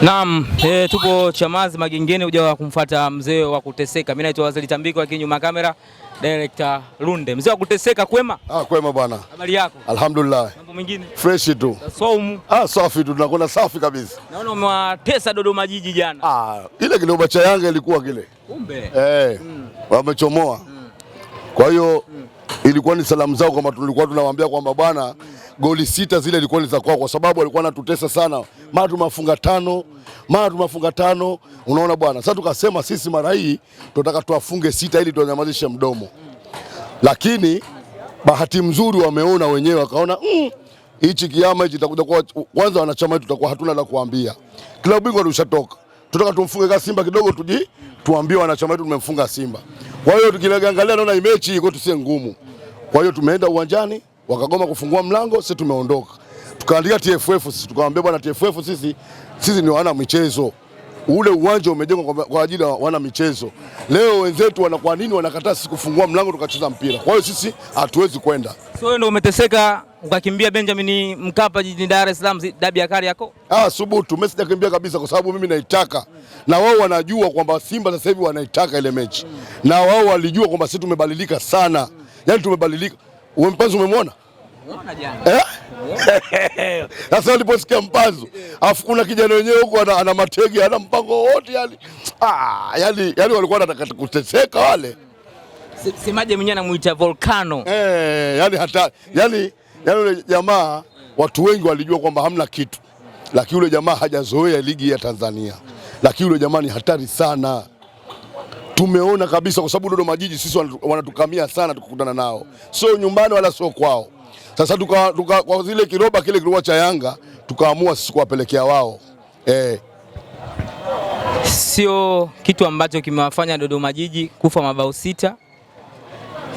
Naam, e, eh, tupo Chamazi Magengeni huja wa kumfuata mzee wa kuteseka. Mimi naitwa Wazili Tambiko lakini nyuma kamera director Lunde. Mzee wa kuteseka kwema? Ah, kwema bwana. Habari yako? Alhamdulillah. Mambo mengine? Fresh tu. Saumu. Ah, safi tu tunakwenda safi kabisa. Naona umewatesa Dodoma jiji jana. Ah, ile kidoba cha Yanga ilikuwa kile. Kumbe. Eh. Hey, mm. Wamechomoa. Mm. Kwa hiyo mm ilikuwa ni salamu zao kwamba tulikuwa tunawaambia kwamba bwana, goli sita zile ilikuwa ni za kwako, kwa sababu walikuwa anatutesa sana, mara tumafunga tano, mara tumafunga tano, unaona bwana. Sasa tukasema sisi mara hii tunataka tuwafunge sita ili tuwanyamazishe mdomo, lakini bahati mzuri wameona wenyewe, wakaona mm, hichi kiama hichi itakuja kwa kwanza, wanachama wetu tutakuwa hatuna la kuambia, klabu bingwa tulishatoka, tunataka tumfunge kama Simba kidogo tuji tuambie wanachama wetu tumemfunga Simba. Kwa hiyo tukiangalia naona imechi iko tusiye ngumu. Kwa hiyo tumeenda uwanjani wakagoma kufungua mlango, sisi tumeondoka tukaandika TFF sisi, tukawaambia bwana TFF sisi, sisi ni wana michezo, ule uwanja umejengwa kwa ajili ya wana michezo. Leo wenzetu wana kwa nini wanakataa sisi kufungua mlango tukacheza mpira? Kwa hiyo sisi hatuwezi kwenda. So ndio umeteseka ukakimbia Benjamin Mkapa jijini Dar es Salaam, dabi ya kali yako? Ah, subutu, mimi sijakimbia kabisa kwa sababu mimi naitaka na wao wanajua kwamba Simba sasa hivi wanaitaka ile mechi na wao walijua kwamba sisi tumebadilika sana mm yani tumebadilika. Uwe mpanzu umemwona eh? sasa niliposikia mpanzu afu kuna kijana wenyewe huko ana, ana matege ana mpango wote yani. Ah, yani, yani walikuwa wanataka kuteseka wale semaje mwenyewe anamuita volcano eh, yani hata yani yani yule jamaa watu wengi walijua kwamba hamna kitu, lakini yule jamaa hajazoea ligi ya Tanzania, lakini yule jamaa ni hatari sana tumeona kabisa, kwa sababu Dodoma Jiji sisi wanatukamia sana tukikutana nao, sio nyumbani wala sio kwao. Sasa tuka, tuka, kwa zile kiroba kile kilikuwa cha Yanga tukaamua sisi kuwapelekea wao eh. Sio kitu ambacho kimewafanya Dodoma Jiji kufa mabao sita.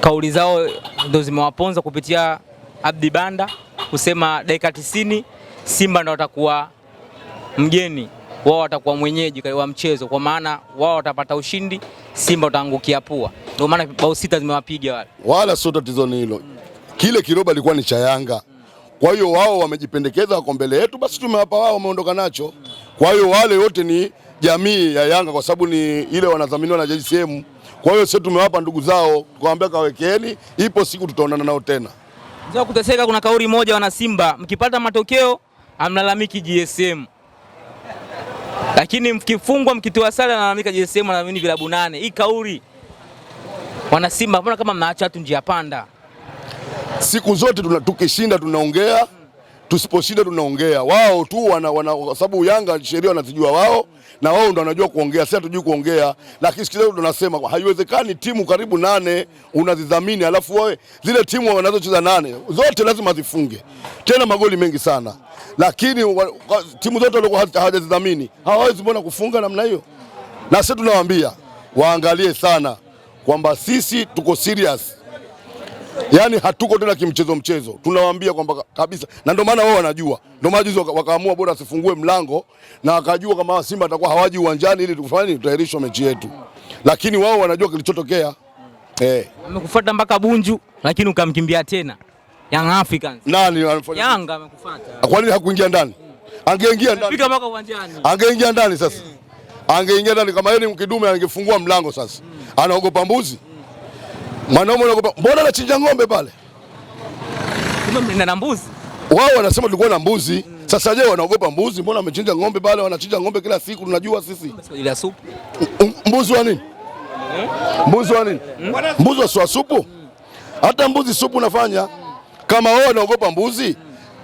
Kauli zao ndo zimewaponza kupitia Abdi Banda kusema dakika tisini Simba ndo watakuwa mgeni, wao watakuwa mwenyeji wa mchezo, kwa maana wao watapata ushindi. Simba utaangukia pua. Ndio maana bao sita zimewapiga wale. Wala sio tatizo ni hilo. Kile kiroba alikuwa ni cha Yanga. Kwa hiyo wao wamejipendekeza, wako mbele yetu, basi tumewapa wao, wameondoka nacho. Kwa hiyo wale wote ni jamii ya Yanga kwa sababu ni ile wanadhaminiwa na JCM. Kwa hiyo sisi tumewapa ndugu zao, tukawaambia kawekeeni, ipo siku tutaonana nao tena. Kuteseka, kuna kauli moja wana Simba, mkipata matokeo amlalamiki JSM, lakini mkifungwa mkitoa sare analalamika JSM anaamini vilabu nane. Hii kauli wana Simba, mbona kama mnaacha watu njia panda? Siku zote tuna tukishinda tunaongea, tusiposhinda tunaongea. Wao tu wana, wana kwa sababu Yanga sheria wanazijua wao na wao ndo wanajua kuongea, sisi hatujui kuongea. Lakini siku tunasema haiwezekani timu karibu nane unazidhamini, alafu wewe zile timu wanazocheza nane zote lazima zifunge tena magoli mengi sana lakini timu zote walikuwa hawajazidhamini, hawawezi mbona kufunga namna hiyo? Na sisi tunawaambia waangalie sana kwamba sisi tuko serious, yani hatuko tena kimchezo mchezo, tunawaambia kwamba kabisa, na ndio maana wao wanajua, ndio maana juzi wakaamua bora asifungue mlango na akajua kama Simba atakuwa hawaji uwanjani ili tufanye tutairishwa mechi yetu, lakini wao wanajua kilichotokea. Eh, amekufuata mpaka Bunju, lakini ukamkimbia tena. Young Africans. Nani anamfanya? Yanga amekufuata. Ah, Kwa nini hakuingia ndani? Hmm. Angeingia ndani. Fika mpaka uwanjani. Angeingia ndani sasa. Hmm. Angeingia ndani kama yeye ni mkidume angefungua mlango sasa. Hmm. Anaogopa mbuzi? Hmm. Mwanaume anaogopa. Mbona anachinja ng'ombe pale? Na mbuzi. Wao wanasema tulikuwa na mbuzi. Hmm. Sasa je, wanaogopa mbuzi? Mbona wamechinja ng'ombe pale? Wanachinja ng'ombe kila siku tunajua sisi. Mbuzi wa nini? Eh? Mbuzi wa nini? Hmm. Mbuzi wa supu? Hmm. Hata mbuzi supu unafanya kama wewe unaogopa mbuzi,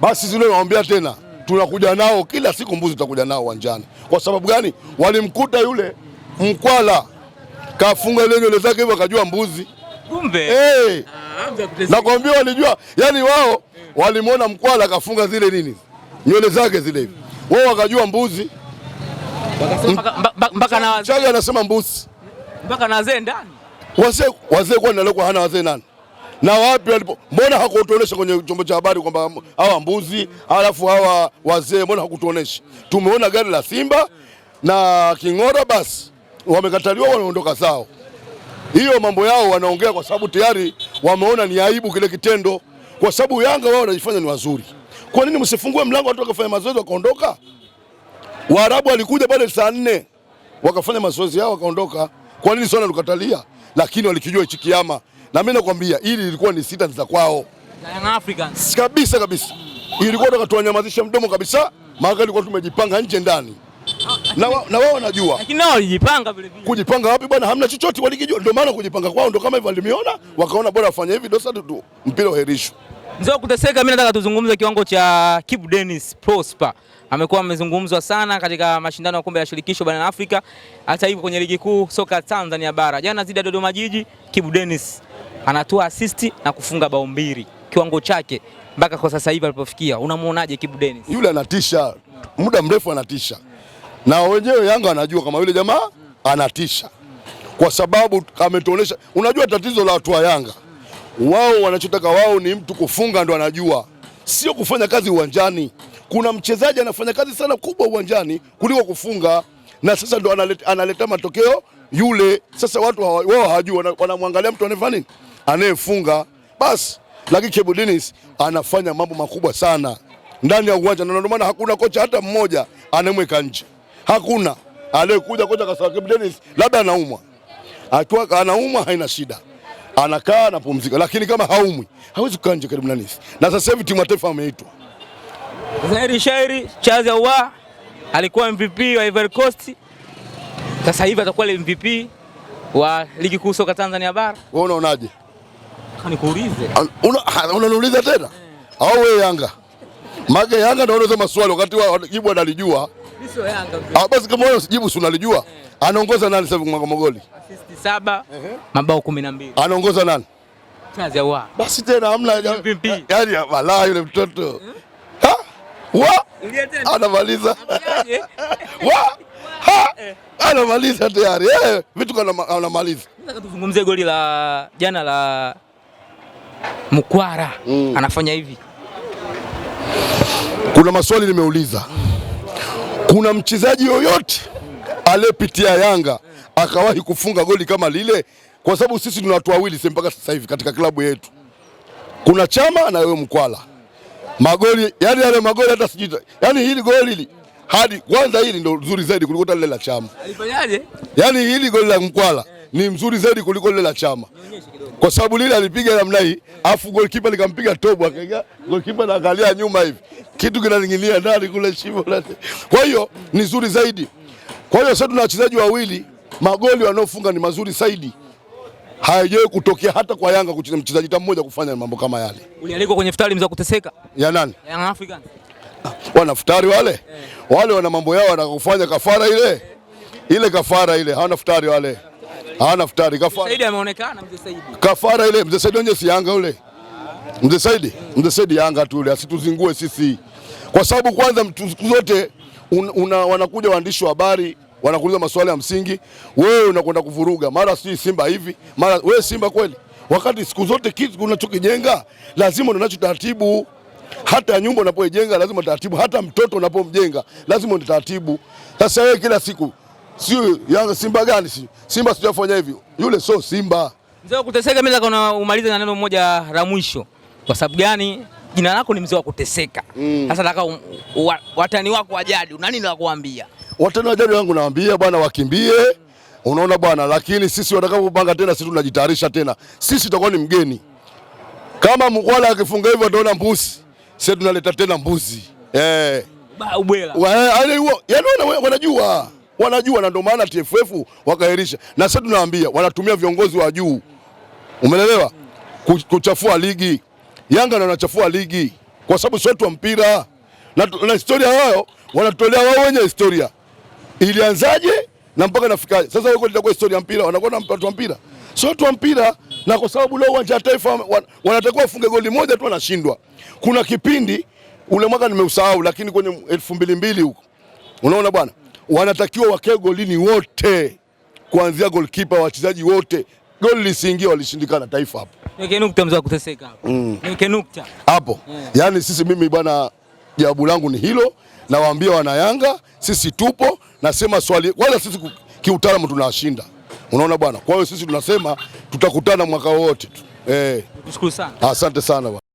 basi zile nawaambia tena, tunakuja nao kila siku, mbuzi tutakuja nao uwanjani. Kwa sababu gani? Walimkuta yule mkwala kafunga ile nywele zake hivyo, akajua mbuzi. Kumbe hey, eh. ah, nakwambia walijua, yani wao walimwona mkwala kafunga zile nini nywele zake zile hivi, wao wakajua mbuzi mpaka na wazee anasema mbuzi mpaka na wazee ndani, wazee wazee, kwani nalikuwa hana wazee nani? na wapi walipo? Mbona hakutuonesha kwenye chombo cha habari kwamba hawa mbuzi alafu hawa wazee, mbona hakutuonesha? Tumeona gari la Simba na King'ora, basi wamekataliwa, wanaondoka zao. Hiyo mambo yao wanaongea, kwa sababu tayari wameona ni aibu kile kitendo, kwa sababu Yanga wao wanajifanya ni wazuri. Kwa nini msifungue mlango watu wakafanya mazoezi wakaondoka? Waarabu walikuja pale saa nne wakafanya mazoezi yao wakaondoka. Kwa nini sana tukatalia? Lakini walikijua hichi kiama na mimi nakwambia hili lilikuwa ni sita za kwao Young Africans kabisa kabisa, mm. ilikuwa toka tuwanyamazisha mdomo kabisa, maana ilikuwa tumejipanga nje ndani na wao na wanajua, lakini nao walijipanga vile vile. Kujipanga wapi bwana? Hamna chochote walikijua, ndio maana kujipanga kwao ndio kama hivyo walimiona, wakaona bora afanye hivi, ndio sasa mpira uherishwe. Mzee kuteseka, mimi nataka tuzungumze kiwango cha Kip Dennis Prosper. Amekuwa amezungumzwa sana katika mashindano ya kombe la shirikisho barani Afrika, hata hivyo kwenye ligi kuu soka Tanzania bara. Jana zidi ya Dodoma Jiji, Kip Dennis anatoa assist na kufunga bao mbili. Kiwango chake mpaka kwa sasa hivi alipofikia, unamuonaje Kibu Dennis? Yule anatisha muda mrefu, anatisha na wenyewe Yanga anajua kama yule jamaa anatisha, kwa sababu ametuonesha. Unajua tatizo la watu wa Yanga, wao wanachotaka wao ni mtu kufunga ndo anajua, sio kufanya kazi uwanjani. Kuna mchezaji anafanya kazi sana kubwa uwanjani kuliko kufunga, na sasa ndo analeta, analeta matokeo yule. Sasa watu wao hawajui, wanamwangalia mtu anafanya nini anayefunga basi, lakini Kibu Denis anafanya mambo makubwa sana ndani ya uwanja, na ndio maana hakuna kocha hata mmoja anamweka nje. Hakuna aliyekuja kocha kasema Kibu Denis labda anaumwa. Akiwa anaumwa haina shida, anakaa anapumzika, lakini kama haumwi hawezi kukaa nje Kibu Denis. Na sasa hivi timu ya taifa ameitwa Zairi Shairi Charles wa alikuwa MVP wa Ivory Coast, sasa hivi atakuwa MVP wa ligi kuu soka Tanzania bara. Wewe unaonaje? nataka nikuulize. Unaniuliza tena eh. au Wewe Yanga mage Yanga ndio unauliza maswali wakati jibu analijua. Mimi sio Yanga mzee. Ah, basi kama wewe usijibu si unalijua eh. Anaongoza nani sasa kwa magoli? Assist saba, Mabao 12. Anaongoza nani? Kazi wa. Basi tena hamna yaani balaa yule mtoto. Eh? Ha? Wa? tena. Anamaliza. Wa? Ha? Anamaliza tayari. Eh, vitu anamaliza. Nataka tuzungumzie goli la jana la mkwara mm. anafanya hivi. Kuna maswali nimeuliza, kuna mchezaji yoyote aliyepitia Yanga akawahi kufunga goli kama lile? Kwa sababu sisi tuna watu wawili sasa mpaka sasa hivi katika klabu yetu, kuna Chama na wewe Mkwala. Magoli yani yale magoli hata sijui, yani hili goli hili hadi kwanza, hili ndo zuri zaidi kuliko lile la Chama. Alifanyaje? Yani hili goli la Mkwala ni mzuri zaidi kuliko lile la Chama, kwa sababu lile alipiga namna hii, afu goalkeeper likampiga tobo, akaiga goalkeeper na akalia nyuma hivi, kitu kinaninginia ndani kule shimo. Kwa hiyo ni nzuri zaidi. Kwa hiyo sasa tuna wachezaji wawili, magoli wanaofunga ni mazuri zaidi. Haijawahi kutokea hata kwa Yanga kucheza mchezaji ta mmoja kufanya mambo kama yale. Ulialikwa kwenye futari mza kuteseka ya nani? Yanga African ah, wana futari wale eh. Wale wana mambo yao wanakufanya kafara ile ile kafara ile hawana futari wale. Hana futari kafara. Saidi ameonekana mzee Saidi. Kafara ile mzee Saidi si Yanga ule. Mzee Saidi, mzee Saidi Yanga tu yule, asituzingue sisi. Kwa sababu kwanza siku zote un, una, wanakuja waandishi wa habari wanakuuliza maswali ya msingi, wewe unakwenda kuvuruga, mara si Simba hivi, mara wewe Simba kweli, wakati siku zote kitu unachokijenga lazima unacho taratibu. Hata nyumba unapoijenga lazima taratibu, hata mtoto unapomjenga lazima ni taratibu. Sasa wewe kila siku sio Yanga Simba gani? Si Simba sijafanya hivyo, yule sio Simba. Mzee wa kuteseka, mimi nataka umalize na neno moja la mwisho. Kwa sababu gani? Jina lako ni mzee wa kuteseka. Mm. Sasa nataka um- watani wako wa jadi nini la kuambia Watani wa jadi wangu naambia bwana wakimbie mm. Unaona bwana, lakini sisi watakapopanga tena, sisi tunajitayarisha tena, sisi tutakuwa ni mgeni. Kama mkwala akifunga hivyo ataona mbuzi, sisi tunaleta tena mbuzi eh, ba ubwela, eh, yaani, yaani wanajua wanajua, na ndio maana TFF wakaahirisha. Na sasa tunawaambia wanatumia viongozi wa juu, umeelewa, kuchafua ligi. Yanga ndio wanachafua ligi kwa sababu sio watu wa mpira na, na historia wao wanatolea wao wenye historia ilianzaje na mpaka nafikaje. Sasa wako litakuwa historia mpira, wanakuwa na watu wa mpira, sio watu wa mpira. Na kwa sababu leo uwanja wa Taifa wanatakiwa wafunge goli moja tu, wanashindwa. Kuna kipindi ule mwaka nimeusahau, lakini kwenye elfu mbili mbili huko, unaona bwana wanatakiwa wakae golini wote, kuanzia golkipa, wachezaji wote. Goli lisiingia, walishindikana taifa hapo. Niweke nukta kuteseka hapo. Mm. Niweke nukta hapo, yaani sisi, mimi bwana, jawabu langu ni hilo. Nawaambia wana Yanga, sisi tupo, nasema swali wala sisi kiutaalamu tunawashinda, unaona bwana. Kwa hiyo sisi tunasema tutakutana mwaka wote tu. Eh, asante sana bwana.